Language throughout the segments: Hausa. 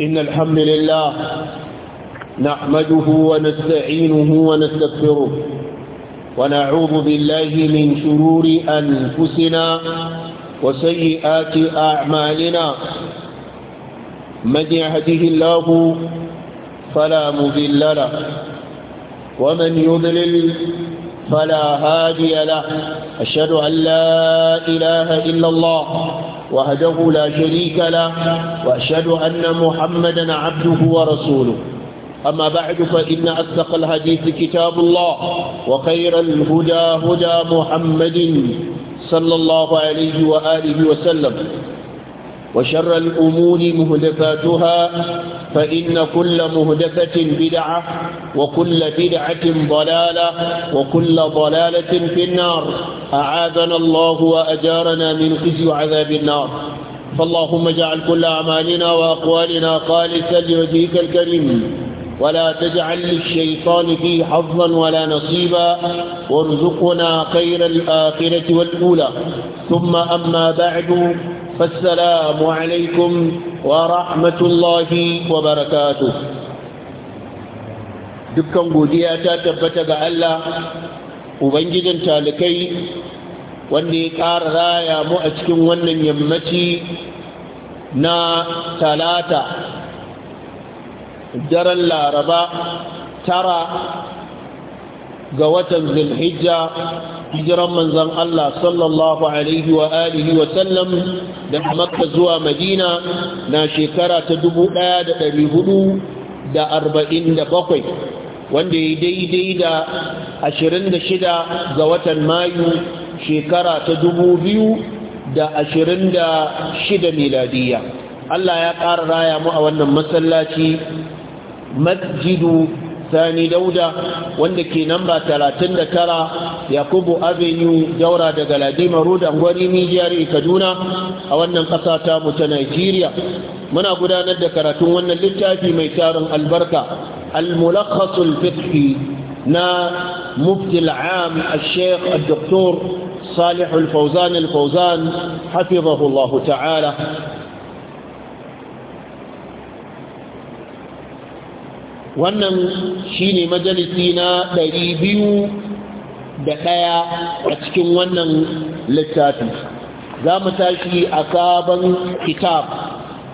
إن الحمد لله نحمده ونستعينه ونستغفره ونعوذ بالله من شرور أنفسنا وسيئات أعمالنا من يهده الله فلا مذل له ومن يضلل فلا هادي له أشهد أن لا إله إلا الله وهده لا شريك له وأشهد أن محمدا عبده ورسوله أما بعد فإن أصدق الحديث كتاب الله وخير الهدى هدى محمد صلى الله عليه وآله وسلم وشر الأمور مهدفاتها فإن كل مهدفة بدعة وكل بدعة ضلالة وكل ضلالة في النار أعاذنا الله وأجارنا من خزي عذاب النار فاللهم اجعل كل أعمالنا وأقوالنا خالصا لوجهك الكريم ولا تجعل للشيطان فيه حظا ولا نصيبا وارزقنا خير الآخرة والأولى ثم أما بعد فالسلام عليكم ورحمة الله وبركاته Dukkan godiya ta tabbata ga Allah ubangijin talikai wanda ya ƙara raya mu a cikin wannan yammaci na talata daren laraba tara ga watan zulhijja hijiran manzan Allah sallallahu alaihi wa alihi wa sallam da makka zuwa madina na shekara ta 1447 wanda ya daidai da 26 ga watan mayu shekara ta 2026 miladiya Allah ya ƙara raya mu a wannan masallaci masjidu sani dauda wanda ke namba 39 yakubu avenue daura daga ladima road angwani nijiyar kaduna a wannan kasa ta mu ta nigeria muna gudanar da karatun wannan littafi mai tarin albarka al-mulakhasul fiqhi na mufti al-am al-sheikh al-doktor صالح الفوزان الفوزان حفظه الله wannan shine majalisi na ɗari biyu da ɗaya a cikin wannan littafi za mu tashi a sabon kitab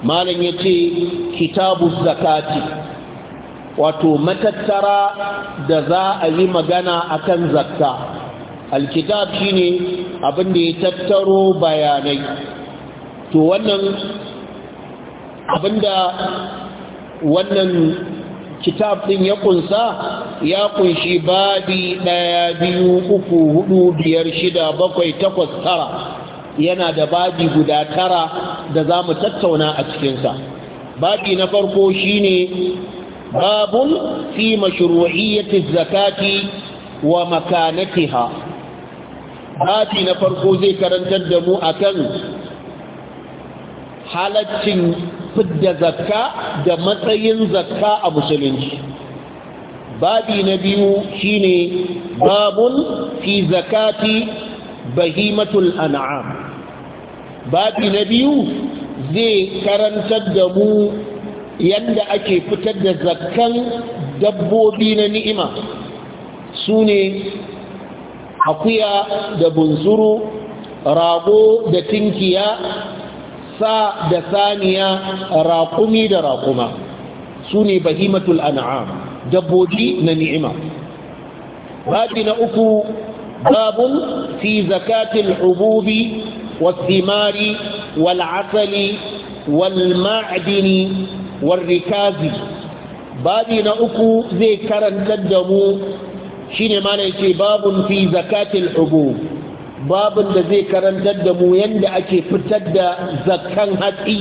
malam ya ce kitabu zakati wato matattara da za a yi magana a kan zakka alkitab shi abin da ya tattaro bayanai to wannan abinda wannan kitab ɗin ya kunsa ya kunshi babi ɗaya biyu uku hudu biyar shida bakwai takwas tara yana da babi guda tara da za mu tattauna a cikinsa babi na farko shine babun fi mashru'iyyati zakati wa makanatiha babi na farko zai karantar da mu akan halaccin fidda zakka da matsayin zakka a musulunci babi na biyu shine babun fi zakati bahimatul an'am babi na biyu zai karantar da mu yadda ake fitar da zakkan dabbobi na ni'ima su ne akuya da bunzuru rago da tinkiya sa da saniya raƙumi da raƙuma su ne bahimatul an'am dabbobi na ni'ima babi na uku babun fi zakatil asali, wasimari wal'asali walma'adini warrikazi babi na uku zai karantar da mu shine mana yake babun fi zakatil hubub babin da zai karantar da mu yadda ake fitar da zakkan hatsi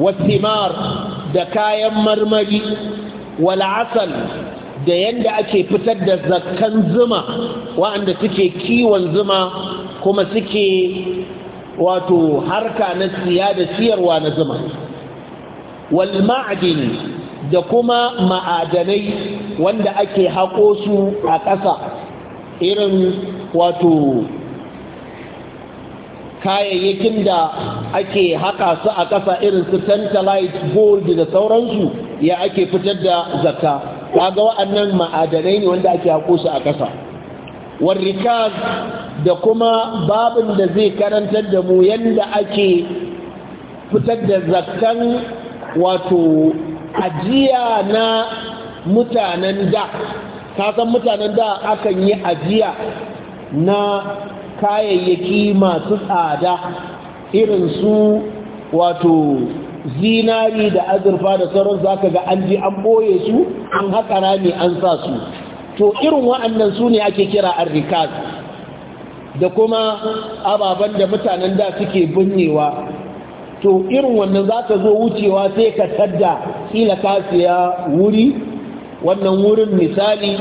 wasimar da kayan marmari wal'asal da yadda ake fitar da zakan zuma wa'anda suke kiwon zuma kuma suke wato harka na siya da siyarwa na zuma wal ma'adini da kuma ma'adanai wanda ake haƙo su a ƙasa irin wato kayayyakin da ake haka su a ƙasa irin su tantalite gold da sauransu ya ake fitar da zakka kaga wa'annan ma'adanai ne wanda ake haƙo su a ƙasa warrikaz da kuma babin da zai karantar da mu yadda ake fitar da zakkan wato ajiya na mutanen da ka san mutanen da akan yi ajiya na kayayyaki masu tsada irin su wato zinari da azurfa da sauran za ka ga an ji an ɓoye su an haƙa rami an sa su to irin wa'annan su ne ake kira arrikas da kuma ababen da mutanen da suke binnewa to irin wannan za ka zo wucewa sai ka tadda kila ka saya wuri wannan wurin misali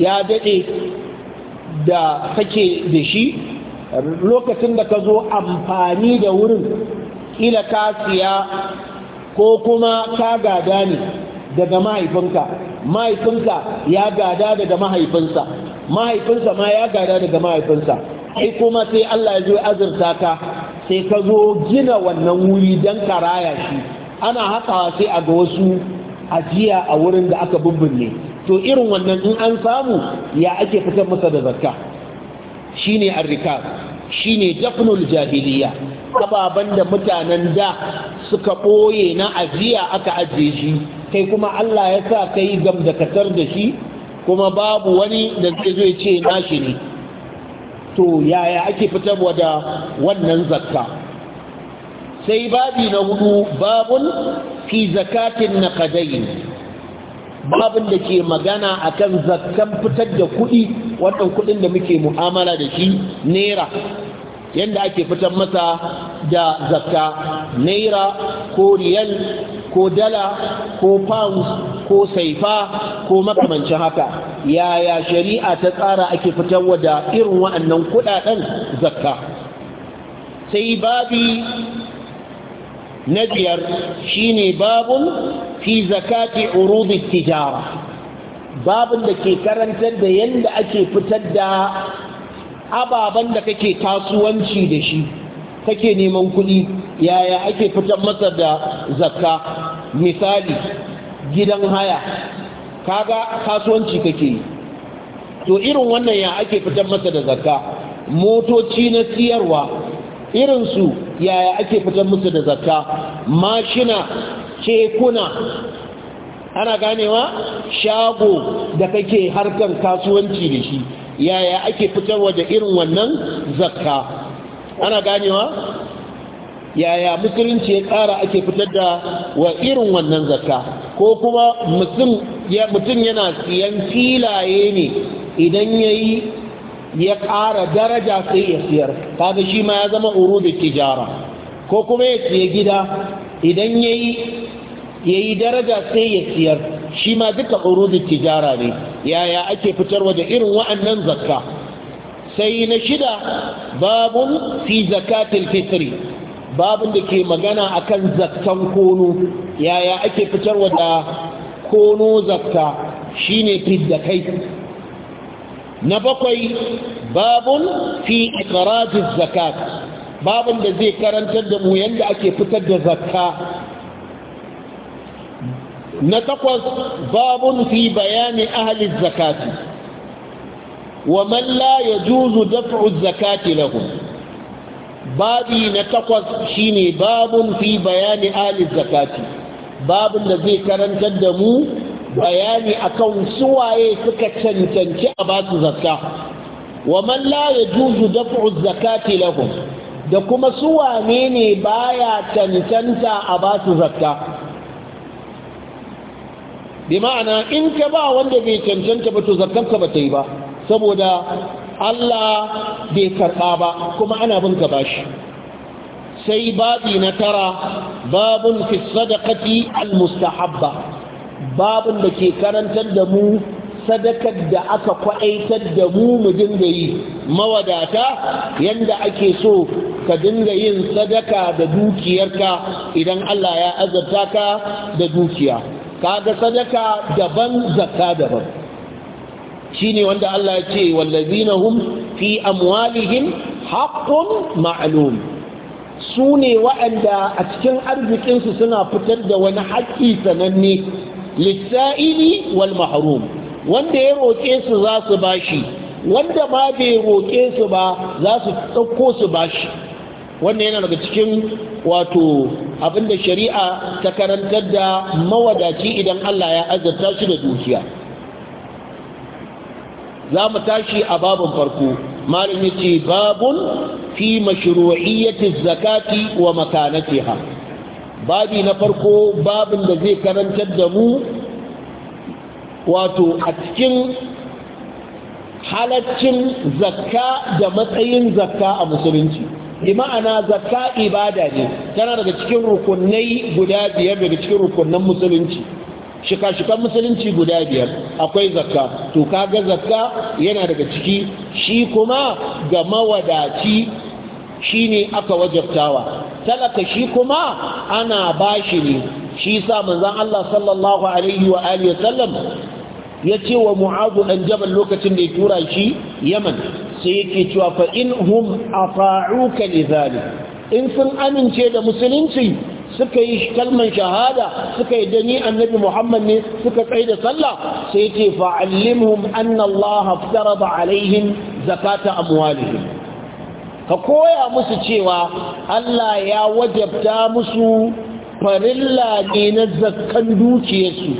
ya daɗe da kake da shi lokacin da ka zo amfani da wurin ila ka siya ko kuma ka gada ne daga mahaifinka mahaifinka ya gada daga mahaifinsa mahaifinsa ma ya gada daga mahaifinsa ai kuma sai Allah ya zo azurta ka sai ka zo gina wannan wuri don karaya shi ana haka sai a ga wasu ajiya a wurin da aka bubbinne to irin wannan in an samu ya ake fitar masa da zakka shine arrika shine dafnul jahiliya ababan da mutanen da suka ɓoye na ajiya aka ajiye shi kai kuma Allah ya sa kai gamdakatar da shi kuma babu wani da zai zo ce nashi ne to yaya ake fitarwa da wannan zakka sai babi na hudu babun fi zakatin na kadai babin da ke magana a kan zakkan fitar da kuɗi wannan kuɗin da muke mu'amala da shi naira yadda ake fitar masa da zakka naira ko riyal ko dala ko pounds ko saifa ko makamancin haka yaya shari'a ta tsara ake fitar wa da irin wa'annan kudaden zakka sai babi na biyar shine babin fi zakati urudi tijara babin da ke karantar da yadda ake fitar da ababen da kake kasuwanci da shi kake neman kuɗi yaya ake fitar masa da zakka misali gidan haya kaga kasuwanci kake to irin wannan ya ake fitar masa da zakka motoci na siyarwa irinsu yaya ake fitar musu da zakka mashina kekuna ana ganewa shago da kake harkan kasuwanci da shi yaya ake fitar waje irin wannan zakka ana ganewa yaya musulunci ya tsara ake fitar da wa irin wannan zakka ko kuma mutum yana siyan filaye ne idan ya yi ya ƙara daraja sai ya siyar kaga shi ma ya zama urubin tijara ko kuma ya siya gida idan ya yi daraja sai ya siyar shi ma duka urubin tijara ne yaya ake fitar da irin wa'annan zakka sai na shida babun fi zakatil fitri babun da ke magana akan zakkan kono yaya ake fitar da kono zakka Shi shine fidda kai na bakwai babun fi iqrajin zakat babun da zai karantar da mu yadda ake fitar da zakka na takwas babun fi bayani ahli zakati wa man la yajuzu daf'u zakati lahum babi na takwas shine babun fi bayani ahli zakati babun da zai karantar da mu bayani akan suwaye suka cancanci a basu zakka wa man la yajuzu daf'u zakati lahum da kuma suwane ne baya cancanta a basu zakka bi ma'ana in ka ba wanda bai cancanta ba to zakkanka ba ta yi ba saboda Allah bai karɓa ba kuma ana bin ka bashi sai babi na tara babun fi sadaqati al-mustahabba babin da ke karantar da mu sadakar da aka kwaɗaitar da mu mu dinga yi mawadata yanda ake so ka dinga yin sadaka da dukiyarka idan Allah ya azarta ka da dukiya kaga sadaka daban zakka daban shine wanda Allah ya ce wallazina hum fi amwalihim haqqun ma'lum su ne waɗanda a cikin arzikinsu suna fitar da wani haƙƙi sananne lissa'ili wal mahrum wanda ya roƙe su za su bashi wanda ba bai roƙe su ba za su ɗauko su bashi wannan yana daga cikin wato abinda shari'a ta karantar da mawadaci idan Allah ya azarta shi da dukiya za mu tashi a babin farko malami ce babun fi mashru'iyyatiz zakati wa makanatiha babi na farko babin da zai karantar da mu wato a cikin halaccin zakka da matsayin zakka a musulunci bi ma'ana zakka ibada ne tana daga cikin rukunai guda biyar daga cikin rukunan musulunci shika-shikan musulunci guda biyar akwai zakka to kaga zakka yana daga ciki shi kuma ga mawadaci shi ne aka wajabtawa talaka shi kuma ana bashi ne shi sa manzan Allah sallallahu alaihi wa alihi wasallam ya ce wa mu'adu ɗan jabal lokacin da ya tura shi yaman sai yake cewa fa in hum afa'uka li in sun amince da musulunci suka yi kalman shahada suka yi dani annabi Muhammad ne suka tsaye da sallah sai yake fa'allimhum anna Allah aftarada alaihim zakata amwalihim ka koya musu cewa Allah ya wajabta musu farilla ne na zakkan dukiyarsu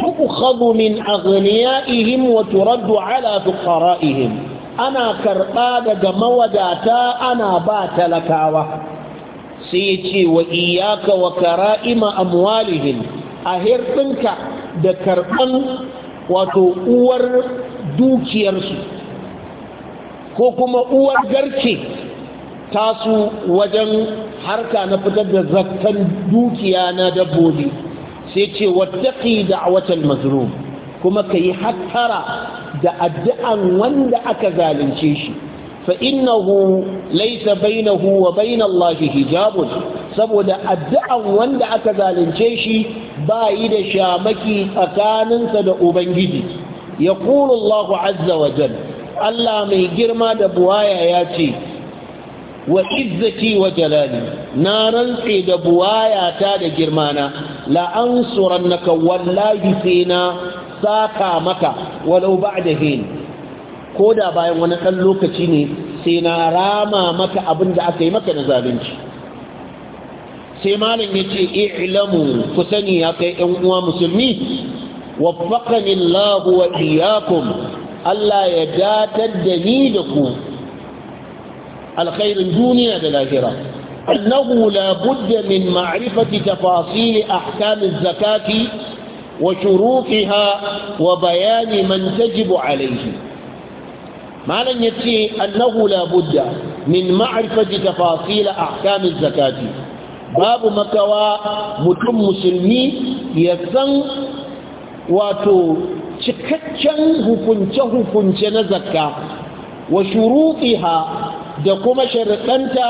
tukhadhu min aghniyaihim wa turaddu ala fuqaraihim ana karba daga mawadata ana ba talakawa sai ce wa iyyaka wa kara'ima amwalihim a hirɗinka da karɓan wato uwar dukiyarsu ko kuma uwar garke tasu wajen harka na fitar da zakkan dukiya na dabbobi sai ce a watan mazlum kuma kayi hattara da addu'an wanda aka zalunce shi fa innahu laysa bainahu wa bain Allah hijabun saboda addu'an wanda aka zalunce shi ba yi da shamaki tsakaninsa da ubangiji yaqulu Allah azza wa jalla Allah mai girma da buwaya ya ce wa izzaki wa jalali na rantse da buwaya ta da girmana na ansurannaka wallahi sai na saka maka walau da hin ko da bayan wani ɗan lokaci ne sai na rama maka abin da aka yi maka na zalunci sai malam ya ce i'lamu ku sani ya kai 'yan uwa musulmi wa Allah wa iyakun. Allah ya datar da ni da ku alkhairin duniya da lahira annahu la budda min ma'rifati tafasil ahkam zakati wa shurutiha wa bayani man tajibu alayhi malan yace annahu la budda min ma'rifati tafasil ahkam az-zakati babu makawa mutum musulmi ya san wato cikakken hukunce-hukunce na zakka wa shuruɗiha da kuma sharaɗanta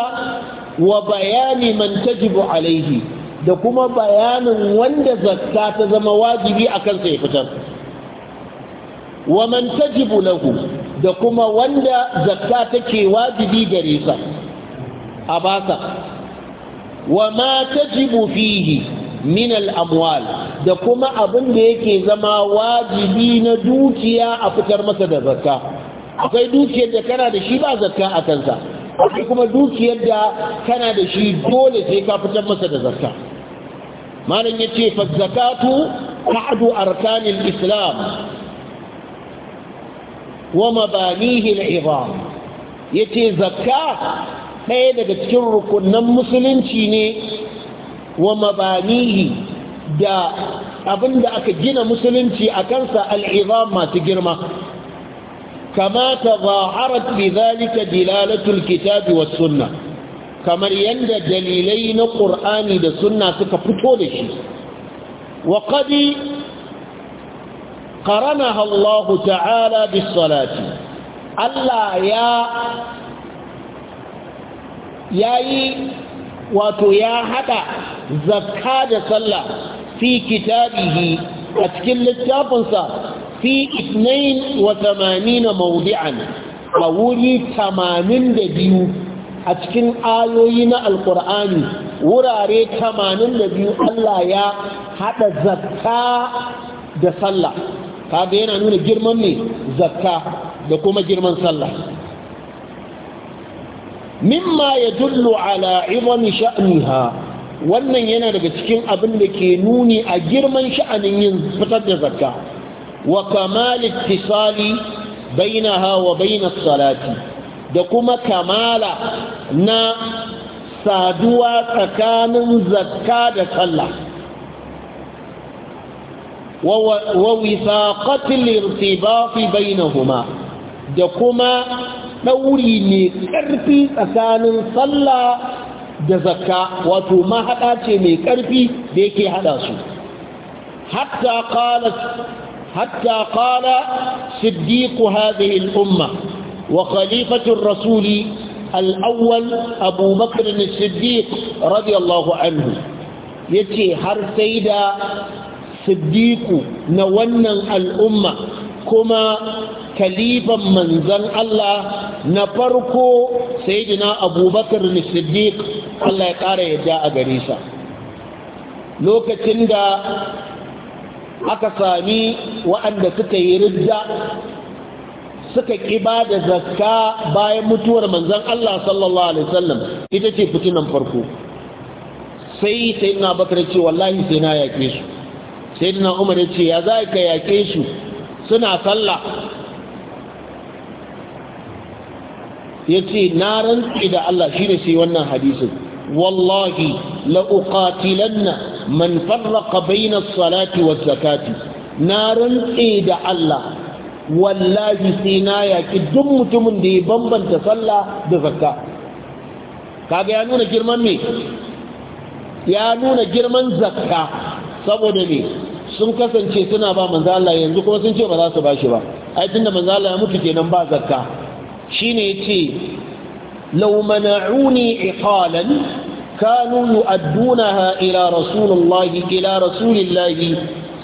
wa bayani man tajibu alaihi da kuma bayanin wanda zakka ta zama wajibi a kansa ya fitar wa man tajibu lahu da kuma wanda zakka take wajibi gare sa a baka wa ma tajibu fihi min al'amwal da kuma abin da yake zama wajibi na dukiya a fitar masa da zakka akwai dukiyar da kana da shi ba zakka a kansa akwai kuma dukiyar da kana da shi dole sai ka fitar masa da zakka malam ya ce fazzakatu ahadu arkanin islam wa mabanihi al'izam ya ce zakka ɗaya daga cikin rukunan musulunci ne wa mabanihi da abin da aka gina musulunci a kansa al'izam masu girma kamata ta zaharar fi zalika dilalatul kitabi wa sunna kamar yadda dalilai na ƙur'ani da sunna suka fito da shi wa ƙadi ƙaranaha Allah ta'ala bis salati Allah ya yayi wato ya haɗa. zakka da sallah fi kitabihi a cikin littafinsa fi 82 mawdi'an a wuri biyu a cikin ayoyi na alkur'ani wurare biyu Allah ya hada zakka da sallah kaga yana nuna girman ne zakka da kuma girman sallah mimma ya dullu ala izami sha'niha wannan yana daga cikin abin da ke nuni a girman sha'anin yin fitar da zakka wa kamal ittisali bainaha wa bainas salati da kuma kamala na saduwa tsakanin zakka da sallah wa wisaqatil irtibati bainahuma da kuma ɗauri ne ƙarfi tsakanin sallah da zakka wato mahaɗa ce mai ƙarfi da yake haɗa su hatta ƙala hatta ƙala siddiqu hadhihi umma wa khalifatun rasuli al'awwal awwal Abu Bakr siddiq radiyallahu anhu ce har sai da siddiƙu na wannan al'umma kuma kalifan manzan Allah na farko sayyidina abubakar siddiq Allah ya ƙara yadda a gare sa lokacin da aka sami waɗanda suka yi ridda suka ƙiba da zakka bayan mutuwar manzan Allah sallallahu Alaihi wasallam ita ce fitinan farko sai sai na bakar ce wallahi sai na yaƙe su sai na umar ce ya za ka yaƙe su suna sallah Ya ce na rantsi da Allah shine sai wannan hadisin wallahi la uqatilanna man farraka bayna salati waz-zakati na rantsi da Allah wallahi sai na yaki duk mutumin da ya bambanta sallah da zakka kaga ya nuna girman me ya nuna girman zakka saboda ne sun kasance suna ba manzala yanzu kuma sun ce ba za su ba shi ba ai tunda da manzala ya mutu kenan ba zakka shine yace laumana'uni mana'uni iqalan kanu yu'addunaha ila rasulillahi ila rasulillahi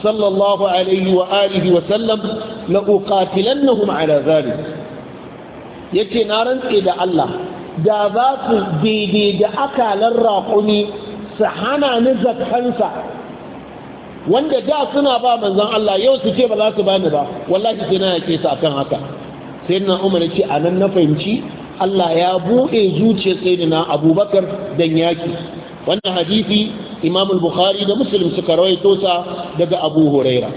sallallahu alaihi wa alihi wa sallam la uqatilannahum ala zalik yace na rantse da Allah da za su daidai da akalan raƙumi su hana ni zakkansa wanda da suna ba manzon Allah yau su ce ba za su bani ba wallahi sai na yake su akan haka sai na umar ce a nan na fahimci Allah ya buɗe zuce sai abubakar Dan yaki wannan hadisi, imam bukhari da musulun suka rawai tosa daga abu huraira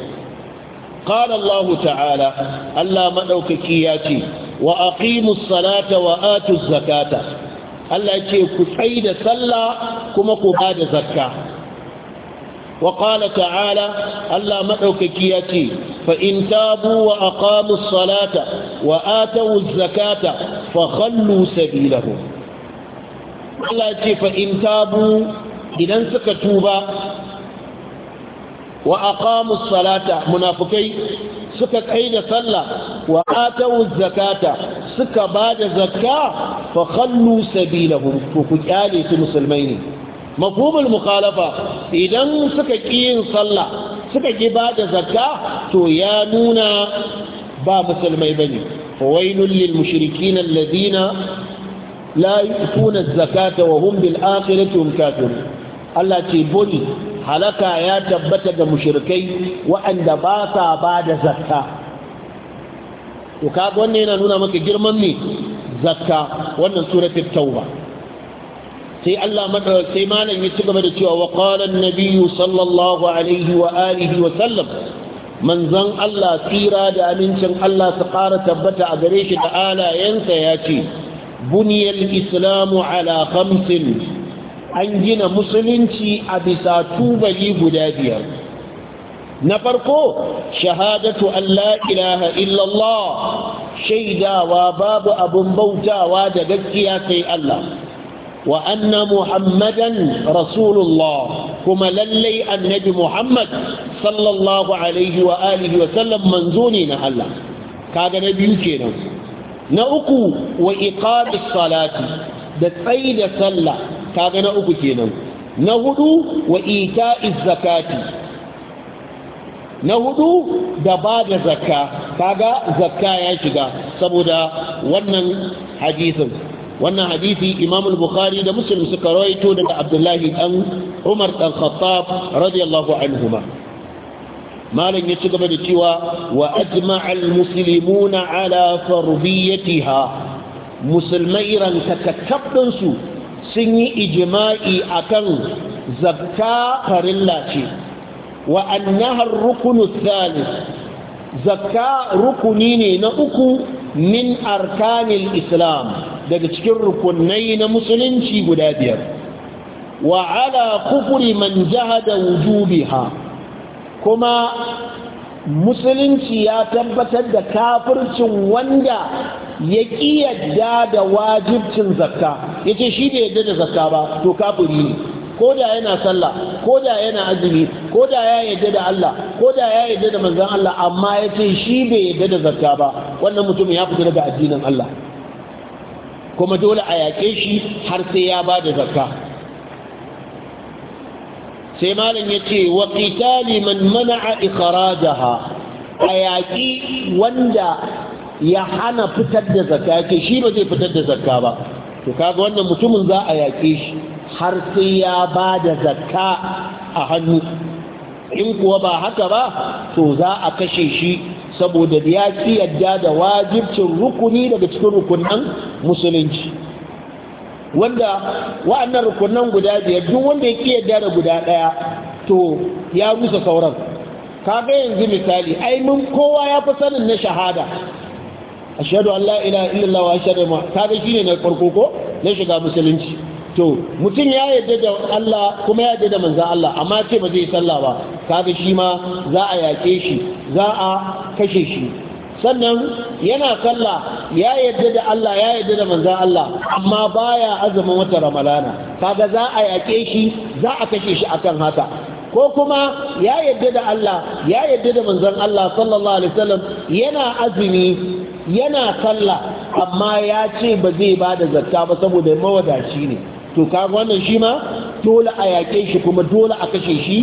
ƙar Allah ta'ala Allah maɗaukaki ya ce wa a salata wa zakata Allah ce ku tsaye da sallah kuma ku ba da zakka وقال تعالى ألا مدوككياتي فإن تابوا وأقاموا الصلاة وآتوا الزكاة فخلوا سبيلهم الله يتي فإن تابوا إذن توبا وأقاموا الصلاة منافقين سكت أين صلى وآتوا الزكاة سك بعد زكاة فخلوا سبيلهم فكتالي في مسلمين مفهوم المخالفة idan suka ƙi yin sallah suka ƙi ba da zakka to ya nuna ba musulmai ba ne fawainun lil mushrikin alladhina la yu'tuna zakata wa hum bil akhirati Allah ce boni halaka ya tabbata ga mushrikai waɗanda ba sa ba da zakka to kaga wannan yana nuna maka girman ne zakka wannan suratul tauba sai Allah madawar sai malam ya ci gaba da cewa wa qala an-nabiyyu sallallahu alaihi wa alihi wa sallam manzon Allah tsira da amincin Allah su ƙara tabbata a gare shi da alayensa ya ce buniyar islamu ala khamsin an gina musulunci a bisa tubali guda biyar na farko shahadatu Allah ilaha illallah shaidawa babu abin bautawa da gaskiya sai Allah wa anna muhammadan rasulullah kuma lallai annabi muhammad sallallahu alaihi wa alihi wa sallam manzo na Allah kaga na biyu kenan na uku wa iqamis salati da tsaida sallah kaga na uku kenan na hudu wa ita'iz zakati na hudu da bada da zakka kaga zakka ya shiga saboda wannan hadisin wannan hadisi imam bukhari da muslim suka rawaito daga abdullahi dan umar dan khattab radiyallahu anhuma malam ya ci gaba da cewa wa ajma'a al-muslimuna ala fardiyatiha musulmai ran takattabin su sun yi ijma'i akan zakka farilla lace wa annaha ar thalith zakka rukuni ne na uku min arkanil islam daga cikin rukunai na musulunci guda biyar wa ala kufuri man jahada wujubiha kuma musulunci ya tabbatar da kafircin wanda ya yadda da wajibcin zakka yace shi da yadda da zakka ba to kafiri ne ko da yana sallah ko da yana azumi ko da ya yadda da Allah ko da ya yadda da manzon Allah amma ce shi bai yadda da zakka ba wannan mutum ya fita daga addinin Allah kuma dole a yaƙe shi har sai ya ba da zakka sai malam ya ce wa qitali man mana'a ikhrajaha a yaƙi wanda ya hana fitar da zakka ke shi ba zai fitar da zakka ba to kaga wannan mutumin za a yaƙe shi har sai ya ba da zakka a hannu in kuwa ba haka ba to za a kashe shi saboda ya ki yadda da wajibcin rukuni daga cikin rukunan musulunci wanda wa'annan rukunan guda biyar duk wanda ya ki yadda da guda daya to ya rusa sauran kaga yanzu misali ai kowa ya fi sanin na shahada a an Allah ila illallah wa ashhadu ma ga shi ne na farko ko na shiga musulunci to mutum ya yarda da Allah kuma ya yarda da manzan Allah amma ce ba zai sallah ba ga shi ma za a yaƙe shi za a kashe shi sannan yana sallah ya yadda da Allah ya yadda da manzan Allah amma baya azumin wata ramalana kaga za a yake shi za a kashe shi akan haka ko kuma ya yadda da Allah ya yadda da manzan Allah sallallahu alaihi wasallam yana azumi yana sallah amma ya ce ba zai ba da zakka ba saboda mawadaci ne to kaga wannan shi ma dole a yake shi kuma dole a kashe shi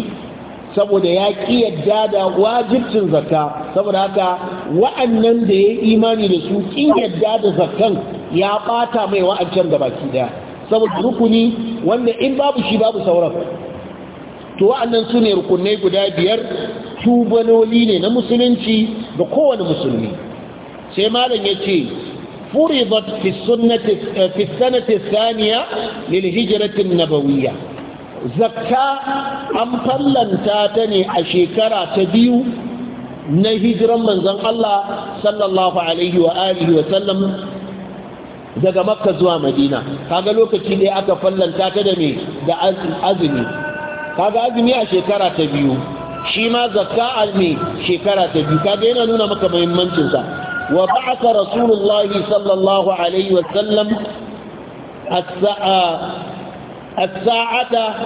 saboda ya ƙi yadda da wajibcin zakka saboda haka wa'annan da ya yi imani da su ƙin yadda da zakkan ya ɓata mai wa'ancan da baki daya saboda rukuni wanda in babu shi babu sauran to wa'annan su ne rukunai guda biyar tubaloli ne na musulunci da kowane musulmi sai malam ya ce فرضت في السنة في السنة الثانية للهجرة zakka an fallanta ta ne a shekara ta biyu na hijiran manzan Allah sallallahu alaihi wa alihi wa sallam daga makka zuwa madina kaga lokaci ne aka fallanta ta da me da azumi kaga azumi a shekara ta biyu shi ma zakka a me shekara ta biyu kaga yana nuna maka muhimmancinsa. sa wa ba'atha rasulullahi sallallahu alaihi wa sallam الساعة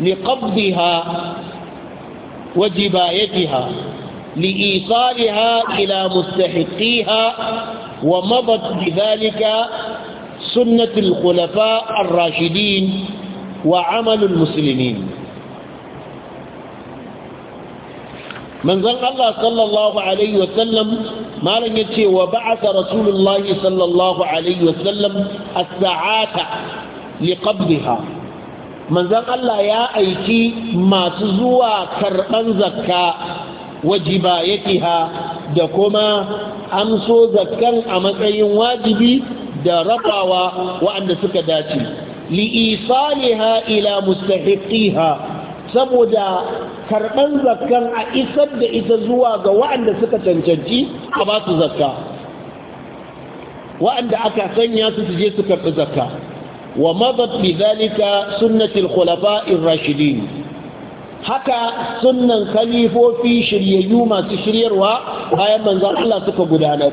لقبضها وجبايتها لإيصالها إلى مستحقيها ومضت بذلك سنة الخلفاء الراشدين وعمل المسلمين من ذ الله صلى الله عليه وسلم ما لم يجئ وبعث رسول الله صلى الله عليه وسلم ا liqabdiha manzon Allah ya aiki masu zuwa karban zakka wajiba wajibayatiha da kuma amso zakkan a matsayin wajibi da rabawa waɗanda suka dace li'isaliha ila mustahiqiha saboda karban zakkan a isar da ita zuwa ga waɗanda suka cancanci a ba su zakka waɗanda aka sanya su je su karɓi zakka Wa ومضت بذلك سنة الخلفاء الراشدين haka sunnan khalifofi shiryayyu masu shiryarwa bayan manzon Allah suka gudanar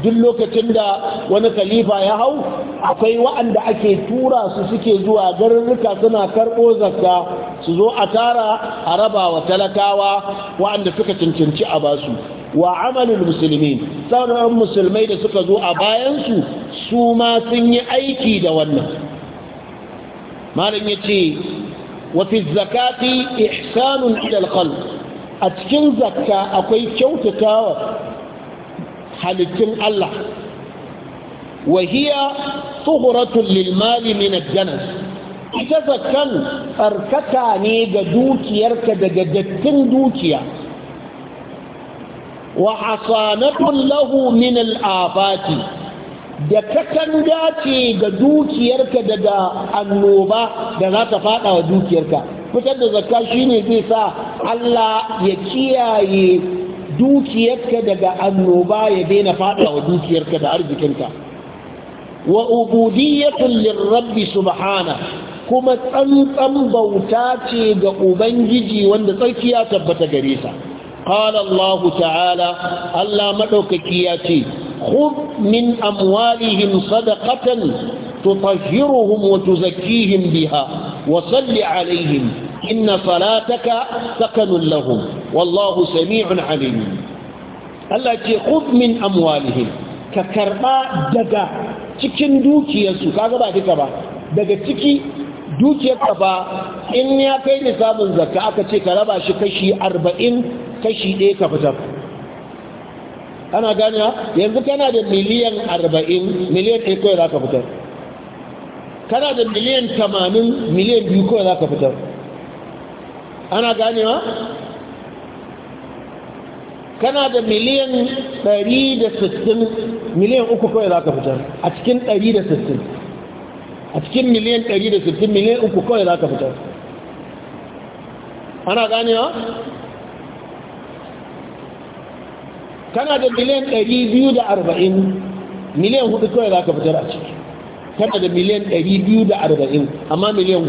duk lokacin da wani khalifa ya hau akwai wa'anda ake tura su suke zuwa garuruka suna karɓo zakka su zo a tara a raba wa talakawa waɗanda suka cancanci a basu wa amalul musulmi sauran musulmai da suka zo a bayansu su ma sun yi aiki da wannan malam yace wa fi zakati ihsanun ila alqalb a cikin zakka akwai kyautatawa halittun Allah wa hiya tughratun lil mali min ita zakkan tsarkaka ne ga dukiyarka daga dattin dukiya wa hasanatun lahu min al da katanga ce ga dukiyarka daga annoba da za ta fada wa dukiyarka fitar da zakka shine zai sa Allah ya kiyaye dukiyarka daga annoba ya daina fada wa dukiyarka da arzikinka wa ubudiyyatul lirabbi subhana kuma tsantsan bauta ce ga ubangiji wanda tsarki ya tabbata gare sa qala ta'ala Allah madaukaki ya ce خذ من أموالهم صدقة تطهرهم وتزكيهم بها وصل عليهم إن صلاتك سكن لهم والله سميع عليم التي خذ من أموالهم ككرباء دقا cikin dukiyarsu kaga ba duka ba daga ciki dukiyarka ba in ya kai nisabin zakka aka ce ka raba shi kashi arba'in kashi ɗaya ka fitar ana gane yanzu kana da miliyan arba'in miliyan ɗaya kawai za ka fitar kana da miliyan tamanin miliyan biyu kawai za ka fitar ana ganewa kana da miliyan 160 miliyan uku kawai za ka fitar a cikin 160 a cikin miliyan 160 miliyan uku kawai za ka fitar ana kana da miliyan 240 miliyan hudu kawai za ka fitar a ciki kana da miliyan 240 amma miliyan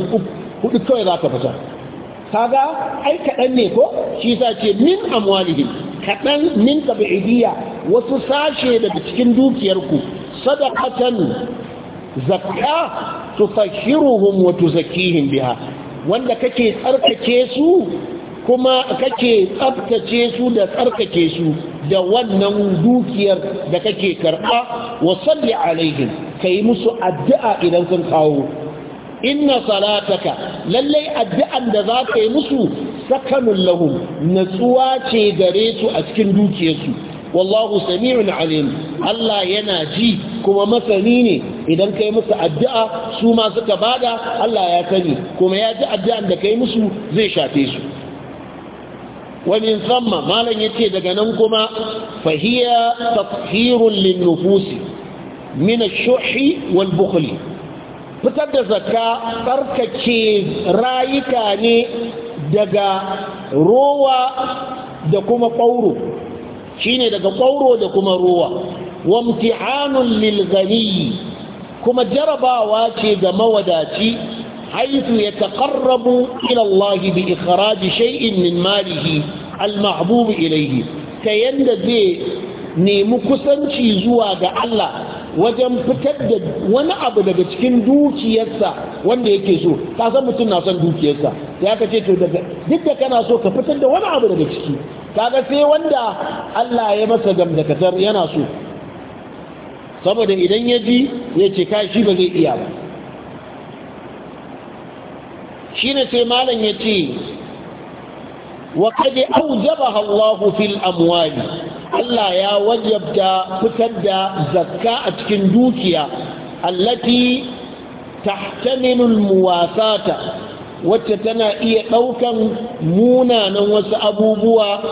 hudu kawai za ka fitar kaga ai kaɗan ne ko shi sa ce min amwalihim kaɗan min tabi'idiyya wasu sashe da cikin dukiyarku sadaqatan zakka tufashiruhum wa tuzakkihim biha wanda kake tsarkake su kuma kake tsabtace su da tsarkake su da wannan dukiyar da kake karɓa wa salli alaihim ka yi musu addu'a idan sun kawo inna salataka lallai addu'an da za ka yi musu sakanun lahum natsuwa ce gare su a cikin dukiyarsu wallahu sami'un alim Allah yana ji kuma masani ne idan kai musu addu'a su ma suka bada Allah ya sani kuma ya ji addu'an da kai musu zai shafe su ومن ثم ما لن يتدق ننكما فهي تطهير mina من wal والبخل fitar da zaka tsarkake rayuka ne daga rowa da kuma ƙauro ne daga ƙauro da kuma rowa wamtihanun lilganiyi kuma jarabawa ce ga mawadaci haifu ya taƙarrabu ilallahi bi ikharaji shay'in min malihi al-mahbubu ilayhi ta yanda zai nemi kusanci zuwa ga Allah wajen fitar da wani abu daga cikin dukiyarsa wanda yake so ka san mutum na son dukiyarsa ya ka ce to daga duk da kana so ka fitar da wani abu daga ciki kaga sai wanda Allah ya masa gamdakatar yana so saboda idan ya ji ya ce ka shi ba zai iya ba shine sai malam ya ce wa qad awjabaha Allah fil amwali Allah ya wajabta fitar da zakka a cikin dukiya allati tahtamilu al-muwasata wacce tana iya ɗaukan munanan wasu abubuwa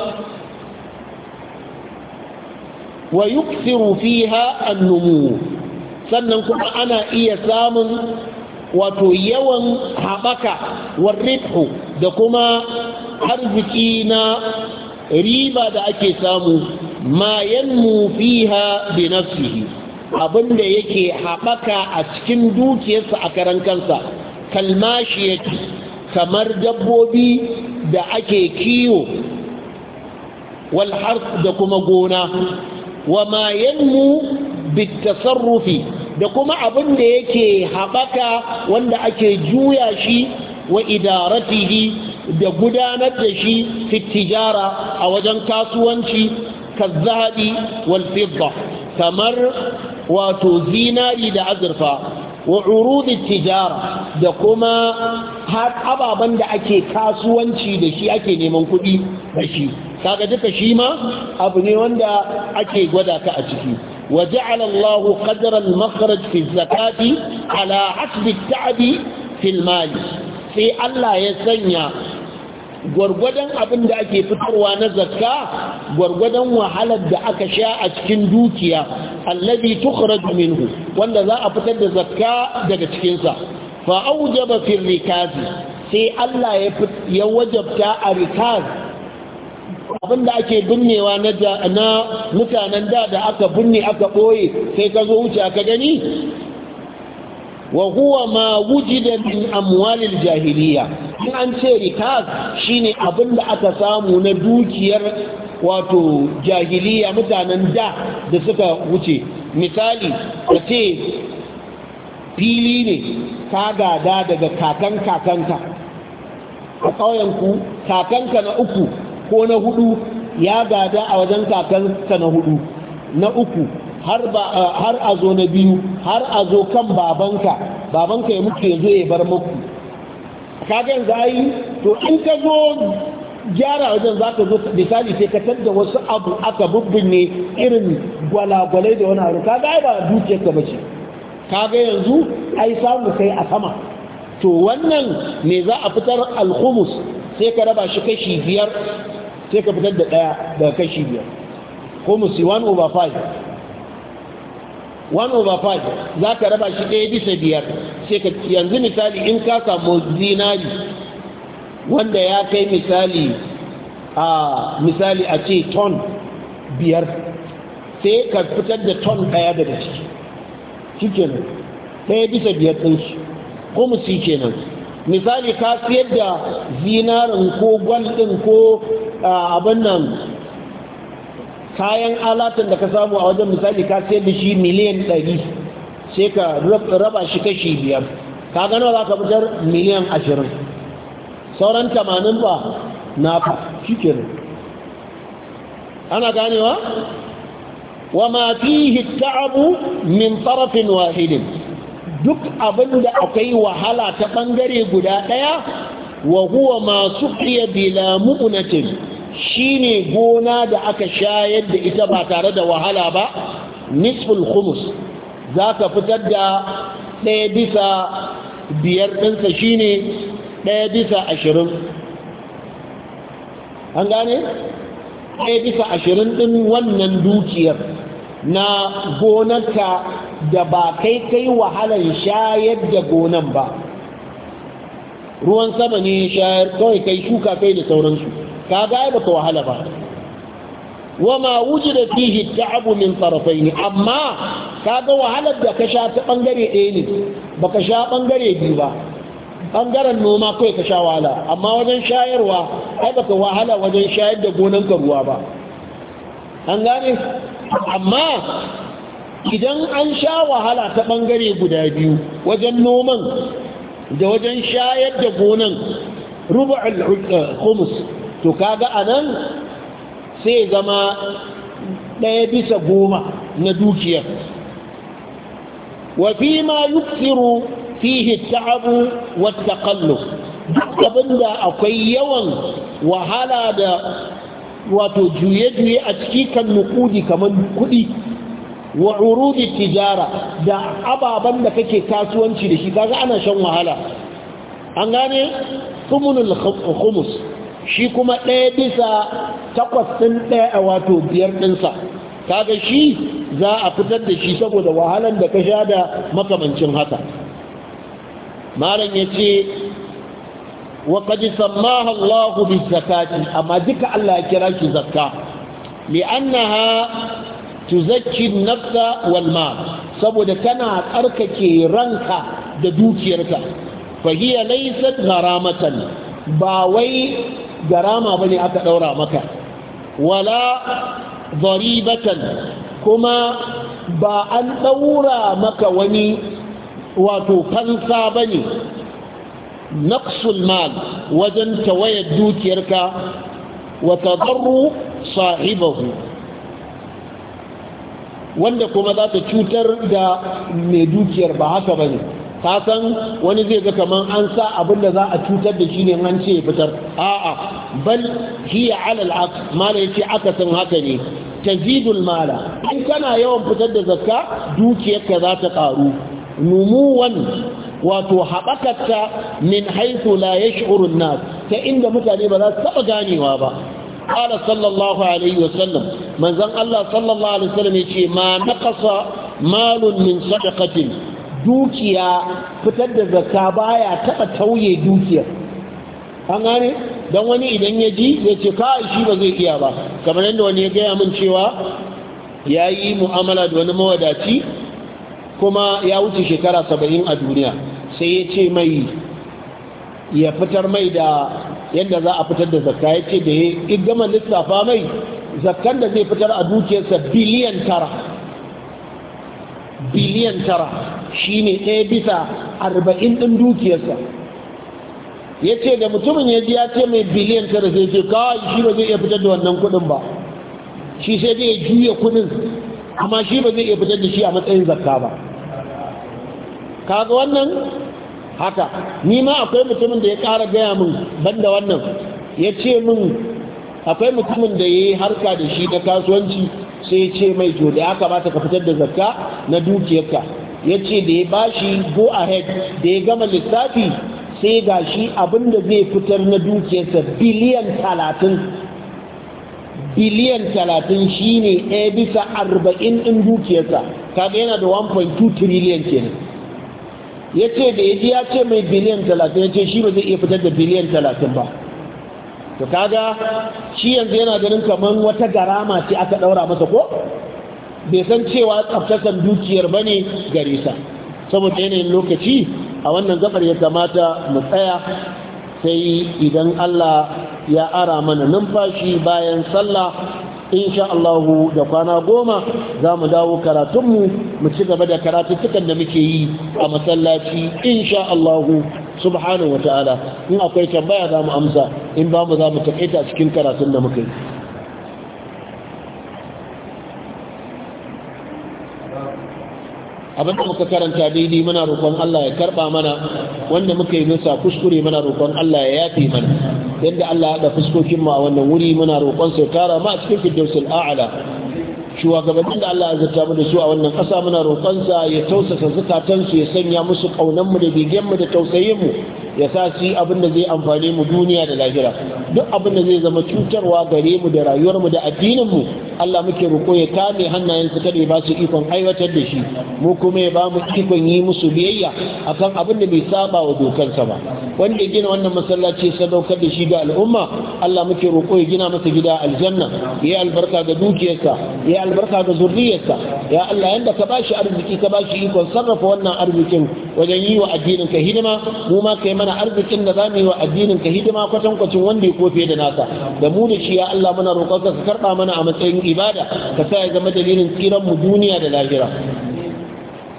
wa yuksiru fiha annumu sannan kuma ana iya samun wato yawan haɓaka warrihu da kuma arziki na riba da ake samu ma yanmu fiha bi nafsihi abinda yake haɓaka a cikin dukiyarsa a karan kansa kalmashi yake kamar dabbobi da ake kiwo wal da kuma gona wa ma yanmu bitasarrufi da kuma abin da yake haɓaka wanda ake juya shi wa idaratihi da gudanar da shi fitijara a wajen kasuwanci kazzahabi wal fidda kamar wato zinari da azurfa wa urudi tijara da kuma har ababen da ake kasuwanci da shi ake neman kuɗi da shi kaga duka shi ma abu ne wanda ake gwada ka a ciki وجعل الله قدر المخرج في الزكاة على حسب التعب في المال في الله يسنى gwargwadon abin da ake fitarwa na zakka gwargwadon wahalar da aka sha a cikin dukiya allabi tukhraju minhu wanda za a fitar da zakka daga cikinsa fa aujaba fil rikaz sai Allah ya wajabta a rikaz abin da ake binnewa na mutanen da da aka binne aka ɓoye sai ka zo wuce aka gani wa huwa ma wujida min amwalil jahiliya in an ce rikaz shine abin da aka samu na dukiyar wato jahiliya mutanen da da suka wuce misali ka ce fili ne ka gada daga kakan kakanka a ƙauyenku kakanka na uku ko na hudu ya gada a wajen kakansa na hudu na uku har a zo na biyu har a zo kan babanka babanka ya mutu ya zo ya bar muku kagan zai to in ka zo gyara wajen za ka zo misali sai ka tadda wasu abu aka bubbinne irin gwalagwale da wani abu kaga ai ba dukiyar ka bace kaga yanzu ai samu kai a sama to wannan ne za a fitar alhumus sai ka raba shi kashi biyar sai ka fitar da ɗaya daga kashi biyar ko musu 1 over 5 1 over 5 za ka raba shi ɗaya bisa biyar sai ka yanzu misali in ka samu zinari wanda ya kai misali a misali a ce ton biyar sai ka fitar da ton ɗaya daga ciki shi kenan ɗaya bisa biyar ɗinsu ko musi kenan misali ka siyar da zinarin ko gwaldin ko abin nan kayan alatan da ka samu a wajen misali ka siyar da shi miliyan ɗari sai ka raba shi kashi biyar ka gano za ka fitar miliyan ashirin sauran tamanin ba na fa ana ganewa wa ma fihi ta'abu min tarafin wahidin duk abin da akwai wahala ta ɓangare guda ɗaya wa huwa masu iya bila mu'unatin shine gona da aka shayar da ita ba tare da wahala ba nisful khumus za ka fitar da ɗaya bisa biyar ɗinsa shine ɗaya bisa ashirin an gane? ɗaya bisa ashirin ɗin wannan dukiyar na gonarka da ba kai kai wahalar shayar da gonan ba ruwan sama ne shayar kawai kai shuka kai da sauransu ka ga ba ka wahala ba wama da fihi abu min ne amma kaga wahalar da ka sha ta bangare ɗaya ne baka sha ɓangare biyu ba bangaren noma kai ka sha wahala amma wajen shayarwa ai baka wahala wajen shayar da gonan ka ruwa ba an gane amma idan an sha wahala ta ɓangare guda biyu wajen noman da wajen shayar da gonan rubu'ul eh, khums to kaga anan sai zama ɗaya bisa goma na dukiyar wafi ma yuksiru fihi ta'abu wata kallo abinda akwai yawan wahala da wato juye-juye a ciki kan nukudi kamar kudi wa urudi tijara da ababan da kake kasuwanci da shi kaga ana shan wahala an gane thumunul khumus shi kuma ɗaya bisa takwas ɗin ɗaya wato biyar ɗinsa kaga shi za a fitar da shi saboda wahalan da ka sha da makamancin haka malam ya ce wa kaji sammaha Allahu bi zakati amma duka Allah ya kira shi zakka annaha tuzakki nafsa wal mal saboda tana tsarkake ranka da dukiyarka fa hiya laysat gharamatan ba wai garama bane aka daura maka wala daribatan kuma ba an daura maka wani wato fansa bane naqsul mal wajen tawayar dukiyarka wa tadarru sahibahu wanda kuma za ta cutar da mai dukiyar ba haka ba ne kasan wani zai ga kamar an sa abin da za a cutar da shi ne an ce fitar a'a bal hiya alal aqs mala yace akasin haka ne tazidul mala in kana yawan fitar da zakka dukiyarka za ta karu numuwan wato ta min haitu la yash'urun nas ta inda mutane ba za su taɓa ganewa ba ala sallallahu alaihi wasallam manzon Allah sallallahu alaihi wasallam yace ma naqasa malun min sadaqatin dukiya fitar da zakka baya taba tauye dukiya an gane dan wani idan ya ji ya ce ka shi ba zai iya ba kamar yadda wani ya gaya min cewa ya yi mu'amala da wani mawadaci kuma ya wuce shekara saba'in a duniya sai ya ce mai ya fitar mai da yadda za a fitar da zakka ya ce da ya gama lissafa mai zakkan da zai fitar a dukiyarsa biliyan tara biliyan tara shi ne ɗaya bisa arba'in ɗin dukiyarsa ya ce da mutumin ya ji ce mai biliyan tara zai ce kawai shi ba zai iya fitar da wannan kuɗin ba shi sai zai juya kuɗin amma shi ba zai iya fitar da shi a matsayin zakka ba kaga wannan haka ni ma akwai mutumin da ya kara gaya mun banda wannan ya ce min akwai mutumin da ya yi harka da shi na kasuwanci sai ya ce mai to da ya kamata ka fitar da zakka na dukiyarka ya ce da ya ba shi go ahead da ya gama lissafi sai ga shi abinda zai fitar na dukiyarsa biliyan talatin biliyan talatin shi ne ɗaya bisa arba'in ɗin dukiyarsa kaga yana da 1.2 trillion kenan ya ce da yaji ya ce mai biliyan talatin ya ce shi ba zai iya fitar da biliyan talatin ba to kaga shi yanzu yana ganin kamar wata garama ce aka ɗaura masa ko bai san cewa tsaftakan dukiyar ba ne gare sa saboda yanayin lokaci a wannan gabar ya kamata mu tsaya sai idan Allah ya ara mana numfashi bayan sallah insha Allah da kwana goma za mu dawo karatunmu mu ci gaba da cikin da muke yi a masallaci insha Allah subhanahu wa ta'ala in akwai tambaya za mu amsa in ba mu za mu takaita cikin karatun da muke yi da muka karanta daidai muna roƙon Allah ya karba mana wanda muka yi nisa kuskure muna roƙon Allah ya yafe mana yadda Allah ya da fuskokin mu a wannan wuri muna roƙon sai tara ma a cikin firdausul a'la shugabannin da Allah ya zata mu da su a wannan ƙasa muna roƙon sa ya tausasa su ya sanya musu kaunan mu da bigen mu da tausayin mu ya sa shi abin da zai amfane mu duniya da lahira duk abin da zai zama cutarwa gare mu da rayuwar mu da addinin mu Allah muke roƙo ya kame hannayen su kada ya ba su ikon aiwatar da shi mu kuma ya ba mu ikon yi musu biyayya akan abin da bai saba wa sa ba wanda ya gina wannan masallaci sadaukar da shi ga al'umma Allah muke roƙo ya gina masa gida aljanna ya albarka ga dukiyarsa ya albarka ga zurriyarsa ya Allah yanda ka bashi arziki ka bashi ikon sarrafa wannan arzikin wajen yi wa addinin ka hidima mu ma kai mana arzikin da zamu yi wa addinin ka hidima kwatan kwacin wanda ya kofe da nasa da mu da shi ya Allah muna roƙonka ka karba mana a matsayin ibada ka sa ya zama dalilin tsiran mu duniya da lahira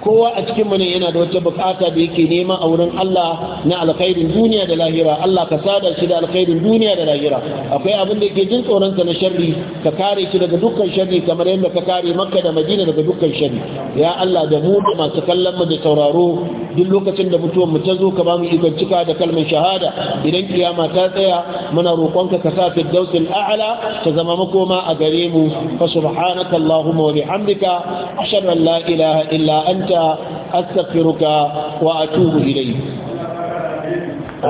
kowa a cikin mu ne yana da wata bukata da yake nema a wurin Allah na alkhairin duniya da lahira Allah ka sada shi da alkhairin duniya da lahira akwai abin da yake jin tsoron ka na sharri ka kare shi daga dukkan sharri kamar yadda ka kare Makka da Madina daga dukkan sharri ya Allah da mu da masu kallon mu da sauraro duk lokacin da mutuwar mu ta zo ka ba mu ikon cika da kalmar shahada idan kiyama ta tsaya muna roƙonka ka sa firdausul a'la ta zama makoma a gare mu fa subhanakallahumma wa bihamdika ashhadu an la ilaha illa anta استغفرك واتوب اليك